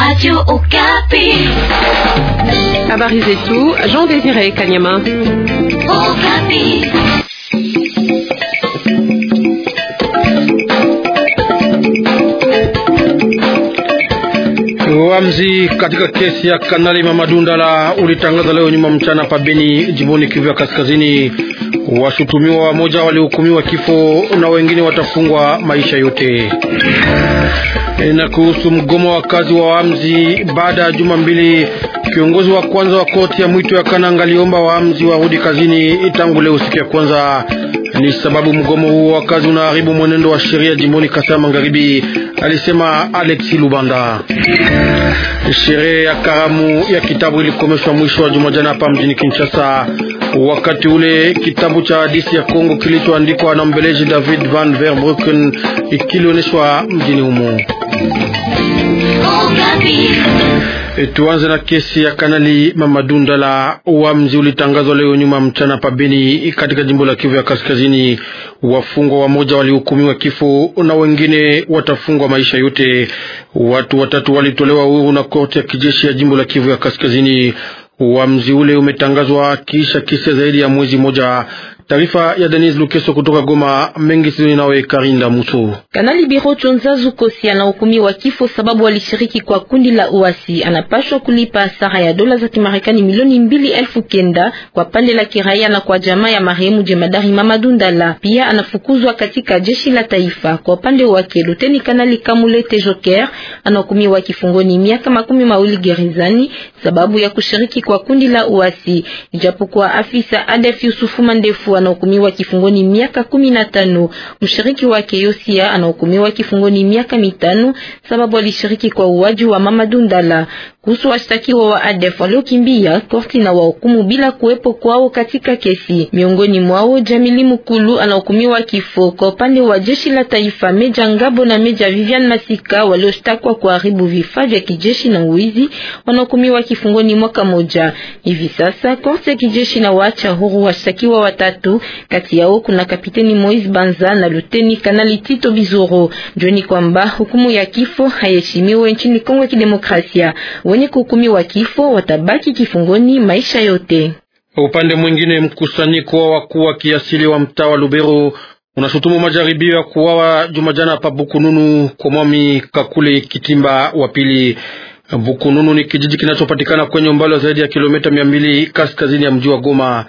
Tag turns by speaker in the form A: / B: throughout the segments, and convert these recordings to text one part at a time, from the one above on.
A: Radio Okapi. Habari zetu, Jean Désiré Kanyama. Okapi.
B: Wamzi katika kesi ya Kanali Mamadundala ulitangaza leo nyuma mchana pabeni jimboni Kivu ya Kaskazini. Washutumiwa wamoja walihukumiwa kifo na wengine watafungwa maisha yote. Eh, na kuhusu mgomo wa kazi wa waamzi baada ya juma mbili, kiongozi wa kwanza wa koti ya mwito ya Kananga aliomba waamzi warudi kazini tangu leo siku ya kwanza. Ni sababu mgomo huo wa kazi unaharibu mwenendo wa sheria jimboni Kasai Magharibi, alisema Alexi Lubanda. Sherehe ya karamu ya kitabu ilikomeshwa mwisho wa juma jana hapa mjini Kinshasa. Wakati ule kitabu cha hadithi ya Kongo kilichoandikwa na mbeleji David van Verbrucken kilioneshwa mjini humo. E, tuanze na kesi ya Kanali Mamadu Ndala. Uamuzi ulitangazwa leo nyuma mchana pabeni katika jimbo la Kivu ya Kaskazini. Wafungwa wamoja walihukumiwa kifo na wengine watafungwa maisha yote. Watu watatu walitolewa huru na korti ya kijeshi ya jimbo la Kivu ya Kaskazini. Uamuzi ule umetangazwa kisha kisa zaidi ya mwezi moja Taarifa ya Denise Lukeso kutoka Goma. Mengi sidoni nawe Karinda Muso.
A: Kanali Biro Chonza Zukosi anahukumiwa kifo sababu alishiriki kwa kundi la uasi. Anapashwa kulipa hasara ya dola za Kimarekani milioni mbili elfu kenda kwa pande la kiraia na kwa jamaa ya marehemu jemadari Mama Dundala. Pia anafukuzwa katika jeshi la taifa. Kwa upande wake, Luteni Kanali Kamulete Joker anahukumiwa kifungoni miaka makumi mawili gerezani sababu ya kushiriki kwa kundi la uasi. Ijapokuwa afisa Adef Yusufu Mandefu wanahukumiwa kifungoni miaka kumi na tano. Mshiriki wake Yosia anahukumiwa kifungoni miaka mitano sababu alishiriki kwa uwaji wa Mama Dundala kuhusu washtakiwa wa ADF waliokimbia korti na wahukumu bila kuwepo kwao katika kesi. Miongoni mwao Jamili Mukulu anahukumiwa kifo. Kwa upande wa jeshi la taifa, Meja Ngabo na Meja Vivian Masika walioshtakwa kuharibu vifaa vya kijeshi na uizi wanahukumiwa kifungoni mwaka moja. Hivi sasa korti ya kijeshi na waacha huru washtakiwa watatu, kati yao kuna Kapiteni Moise Banza na Luteni Kanali Tito Bizoro. Jueni kwamba hukumu ya kifo haiheshimiwe nchini Kongo ya Kidemokrasia wenye kuhukumiwa kifo watabaki kifungoni maisha yote.
B: Upande mwingine, mkusanyiko wa wakuu wa kiasili wa mtaa wa Lubero unashutumu majaribio ya kuwawa jumajana pa Bukununu kwa mwami Kakule Kitimba wa pili. Bukununu ni kijiji kinachopatikana kwenye umbali zaidi ya kilomita mia mbili kaskazini ya mji wa Goma.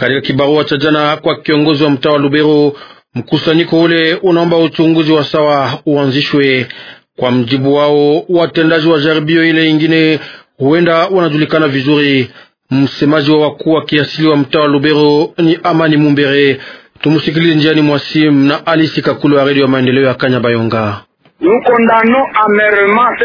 B: Katika kibarua cha jana kwa kiongozi wa mtaa wa Lubero, mkusanyiko ule unaomba uchunguzi wa sawa uanzishwe. Kwa mjibu wao, watendaji wa jaribio ile ingine huenda wanajulikana vizuri. Msemaji wa wakuu wa kiasili wa mtaa wa Lubero ni Amani Mumbere. Tumusikilize njiani mwasim na Alisi Kakulu wa redio ya maendeleo ya Kanyabayonga.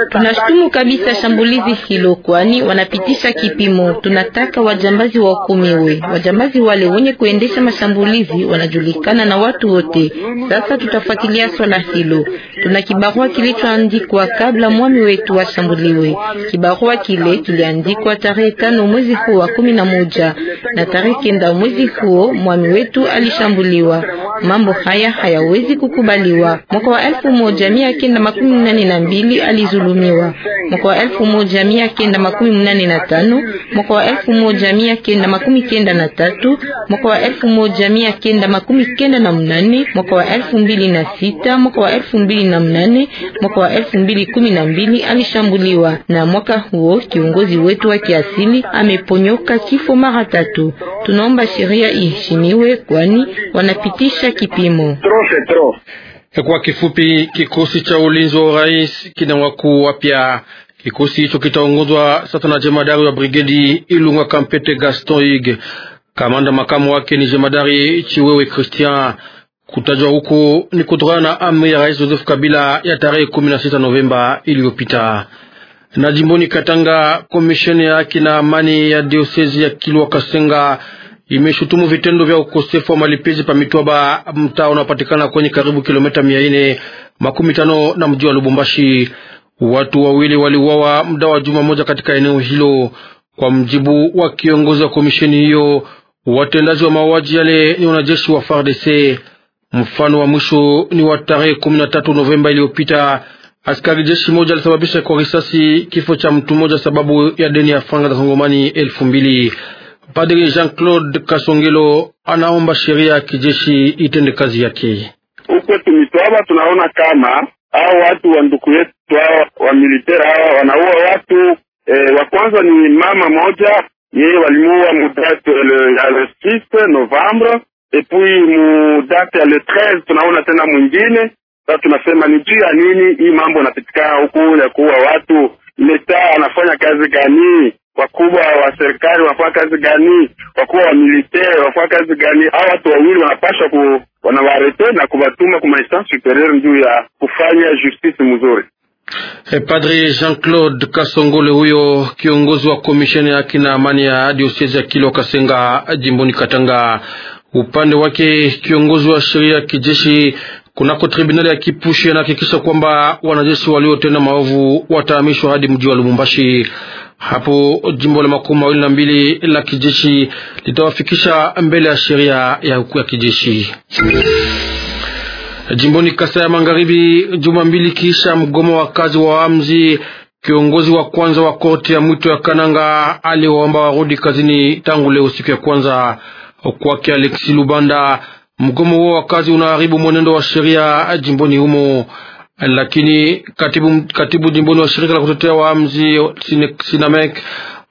C: Tunashutumu
A: kabisa shambulizi hilo, kwani wanapitisha kipimo. Tunataka wajambazi wahukumiwe. Wajambazi wale wenye kuendesha mashambulizi wanajulikana na watu wote. Sasa tutafuatilia swala hilo. Tuna kibarua kilichoandikwa kabla mwami wetu ashambuliwe. Kibarua kile kiliandikwa tarehe tano mwezi huu wa kumi na moja na tarehe kenda mwezi huo mwami wetu alishambuliwa. Mambo haya hayawezi kukubaliwa. Mwaka wa elfu moja mia kenda makumi mnane na mbili alizulumiwa, mwaka wa elfu moja mia kenda makumi mnane na tano mwaka wa elfu moja mia kenda makumi kenda na tatu mwaka wa elfu moja mia kenda makumi kenda na mnane mwaka wa elfu mbili na sita mwaka wa elfu mbili na mnane mwaka wa elfu mbili kumi na mbili alishambuliwa, na mwaka huo kiongozi wetu wa kiasili ameponyoka kifo mara tatu. Tunaomba sheria iheshimiwe, kwani wanapitisha kupita kipimo.
B: Kwa kifupi, kikosi cha ulinzi wa urais kina wakuu wapya. Kikosi hicho kitaongozwa sasa na jemadari wa brigedi Ilunga Kampete Gaston Ig. Kamanda makamu wake ni jemadari Chiwewe Christian. Kutajwa huku ni kutokana na amri ya rais Joseph Kabila ya tarehe 16 Novemba iliyopita. Na jimboni Katanga, komisheni ya haki na amani ya diosezi ya Kilwa Kasenga imeshutumu vitendo vya ukosefu wa malipizi pa Mitwaba, mtaa unaopatikana kwenye karibu kilomita mia nne makumi tano na mji wa Lubumbashi. Watu wawili waliuawa muda wa juma moja katika eneo hilo. Kwa mjibu wa kiongozi wa komisheni hiyo, watendaji wa mauaji yale ni wanajeshi wa FARDC. Mfano wa mwisho ni wa tarehe kumi na tatu Novemba iliyopita, askari jeshi moja alisababisha kwa risasi kifo cha mtu mmoja sababu ya deni ya franga za Kongomani elfu mbili. Padri Jean-Claude Kasongelo anaomba sheria ya kijeshi itende kazi yake.
C: Huko tumitwaba tunaona kama hao watu wa nduku yetu hao wa militeri hawa wanaua watu e, wa kwanza ni mama moja yeye walimuua mudate ya le 6 Novembre epuis mudate ya le 13 tunaona tena mwingine. Sasa tunasema ni juu ya nini hii mambo inapitikana huku ya kuua watu Leta anafanya kazi gani? Wakubwa wa serikali wanafanya kazi gani? Wakubwa wa militaire wanafanya kazi gani? Hao watu wawili wanapaswa ku wanawarete na kubatuma kumainstance superieur juu ya kufanya justice mzuri.
B: Hey, Padri Jean-Claude Kasongole huyo kiongozi wa komisheni ya kina na amani ya diosezi ya Kilwa Kasenga jimboni Katanga. Upande wake kiongozi wa sheria ya kijeshi kunako tribunali ya Kipushi anahakikisha kwamba wanajeshi waliotenda maovu watahamishwa hadi mji wa Lubumbashi. Hapo jimbo la makumi mawili na mbili la kijeshi litawafikisha mbele ya sheria ya kijeshi. Jimboni Kasai ya Magharibi, juma mbili kisha mgomo wa kazi wa amzi, kiongozi wa kwanza wa korti ya mwito ya Kananga aliwaomba warudi kazini tangu leo siku ya kwanza. Kwake Alexi Lubanda Mgomo huo wa kazi unaharibu mwenendo wa sheria jimboni humo, lakini katibu, katibu jimboni wa shirika la kutetea waamzi Sinamek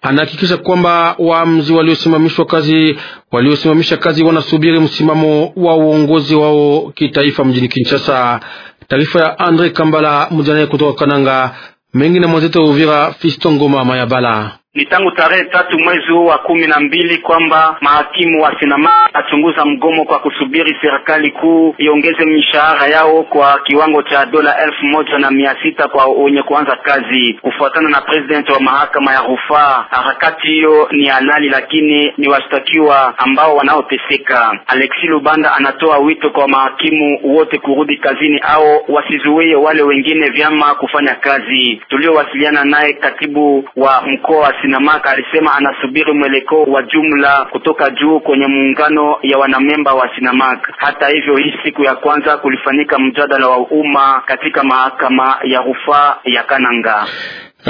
B: anahakikisha kwamba waamzi waliosimamishwa kazi waliosimamisha kazi wanasubiri msimamo wa uongozi wao kitaifa mjini Kinshasa. Taarifa ya Andre Kambala mjanae kutoka Kananga mengi na mwenzetu Uvira Fiston Ngoma Mayabala
C: ni tangu tarehe tatu mwezi huu wa kumi na mbili kwamba mahakimu wa sinama achunguza mgomo kwa kusubiri serikali kuu iongeze mishahara yao kwa kiwango cha dola elfu moja na mia sita kwa wenye kuanza kazi. Kufuatana na president wa mahakama ya rufaa, harakati hiyo ni halali, lakini ni washtakiwa ambao wanaoteseka. Alexi Lubanda anatoa wito kwa mahakimu wote kurudi kazini au wasizuie wale wengine vyama kufanya kazi. Tuliowasiliana naye katibu wa mkoa Sinamaka alisema anasubiri mwelekeo wa jumla kutoka juu kwenye muungano ya wanamemba wa Sinamaka. Hata hivyo, hii siku ya kwanza kulifanyika mjadala wa umma katika mahakama ya rufaa ya Kananga.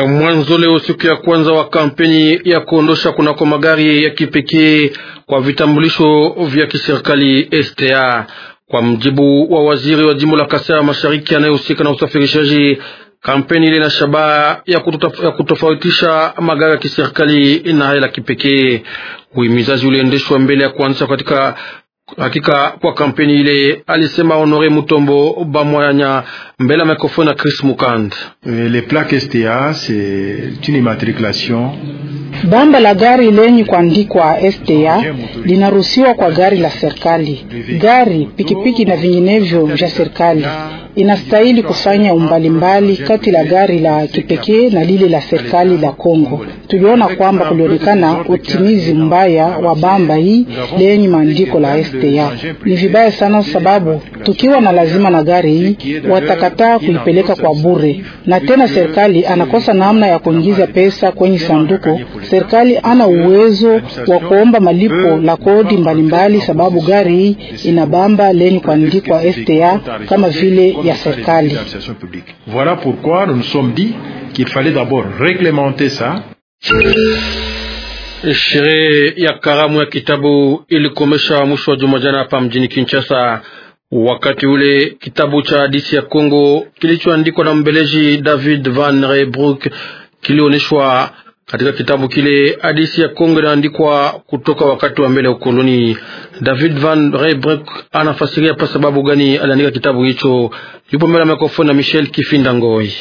B: Mwanzo leo siku ya kwanza wa kampeni ya kuondosha kunako magari ya kipekee kwa vitambulisho vya kiserikali STA. Kwa mjibu wa waziri wa jimbo la Kasai Mashariki anayehusika na usafirishaji Kampeni ile na shabaha ya, ya kutofautisha magari ya kiserikali na hayo la kipekee. Uhimizaji uliendeshwa mbele ya kuanzishwa katika Hakika kwa kampeni ile, alisema Honore Mutombo Bamwanya mbele ya mikrofoni ya Chris Mukand. Eh, le plaque STA c'est une immatriculation Bamba la gari lenye kuandikwa STA linaruhusiwa kwa gari la serikali, gari, pikipiki na vinginevyo vya serikali. Inastahili kufanya umbali mbali kati la gari la kipekee na lile la serikali la Kongo. Tuliona kwamba kulionekana utimizi mbaya wa bamba hii lenye maandiko la STA. STA. Ni vibaya sana, sababu tukiwa na lazima na gari hii watakataa kuipeleka kwa bure, na tena serikali anakosa namna ya kuingiza pesa kwenye sanduku. Serikali ana uwezo wa kuomba malipo la kodi mbalimbali, sababu gari hii ina bamba lenye kuandikwa STA kama vile ya serikali. Voilà pourquoi nous nous sommes dit qu'il fallait d'abord réglementer ça. Sherehe ya karamu ya kitabu ilikomesha mwisho wa juma jana hapa mjini Kinshasa. Wakati ule kitabu cha hadithi ya Kongo kilichoandikwa na mbeleji David Van Reybrouck kilioneshwa katika kitabu kile hadisi ya Kongo inaandikwa kutoka wakati wa mbele ukoloni. David Van Reybrink anafasiria pa sababu gani aliandika kitabu hicho. Yupo mbele ya mikrofoni na Michel Kifinda Ngoi.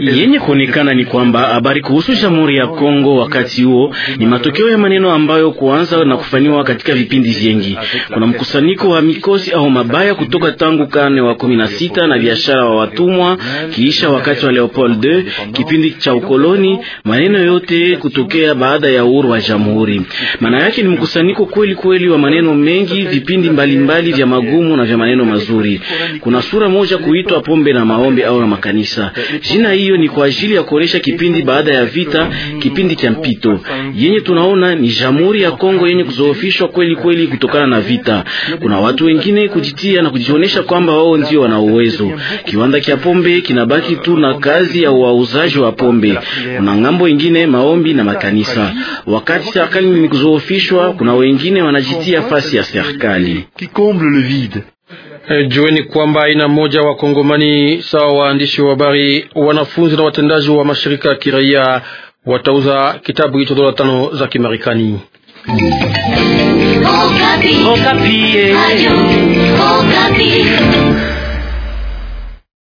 C: Yenye kuonekana ni kwamba habari kuhusu Jamhuri ya Kongo wakati huo ni matokeo ya maneno ambayo kuanza na kufanywa katika vipindi vingi. Kuna mkusanyiko wa mikosi au mabaya kutoka tangu karne wa 16 na biashara wa watumwa, kiisha wakati wa Leopold II kipindi cha ukoloni, maneno yote kutokea baada ya uhuru wa jamhuri. Maana yake ni mkusanyiko kweli kweli wa maneno mengi, vipindi mbalimbali mbali vya magumu na vya maneno mazuri. Kuna sura moja kuitwa pombe na maombi au na makanisa. Jina hiyo ni kwa ajili ya kuonesha kipindi baada ya vita, kipindi cha mpito yenye tunaona ni jamhuri ya Kongo yenye kuzoofishwa kweli kweli kutokana na vita. Kuna watu wengine kujitia na kujionyesha kwamba wao ndio wana uwezo. Kiwanda cha pombe kinabaki tu na kazi ya wauza uuzaji wa pombe. Kuna ngambo ingine maombi na makanisa. Wakati serikali ni kuzoofishwa, kuna wengine wanajitia fasi ya serikali.
B: Eh, jueni kwamba aina moja wa Kongomani sawa waandishi wa habari, wanafunzi na watendaji wa mashirika ya kiraia watauza kitabu hicho dola tano za Kimarekani. Okapi.
C: Oh, Okapi. Oh, eh.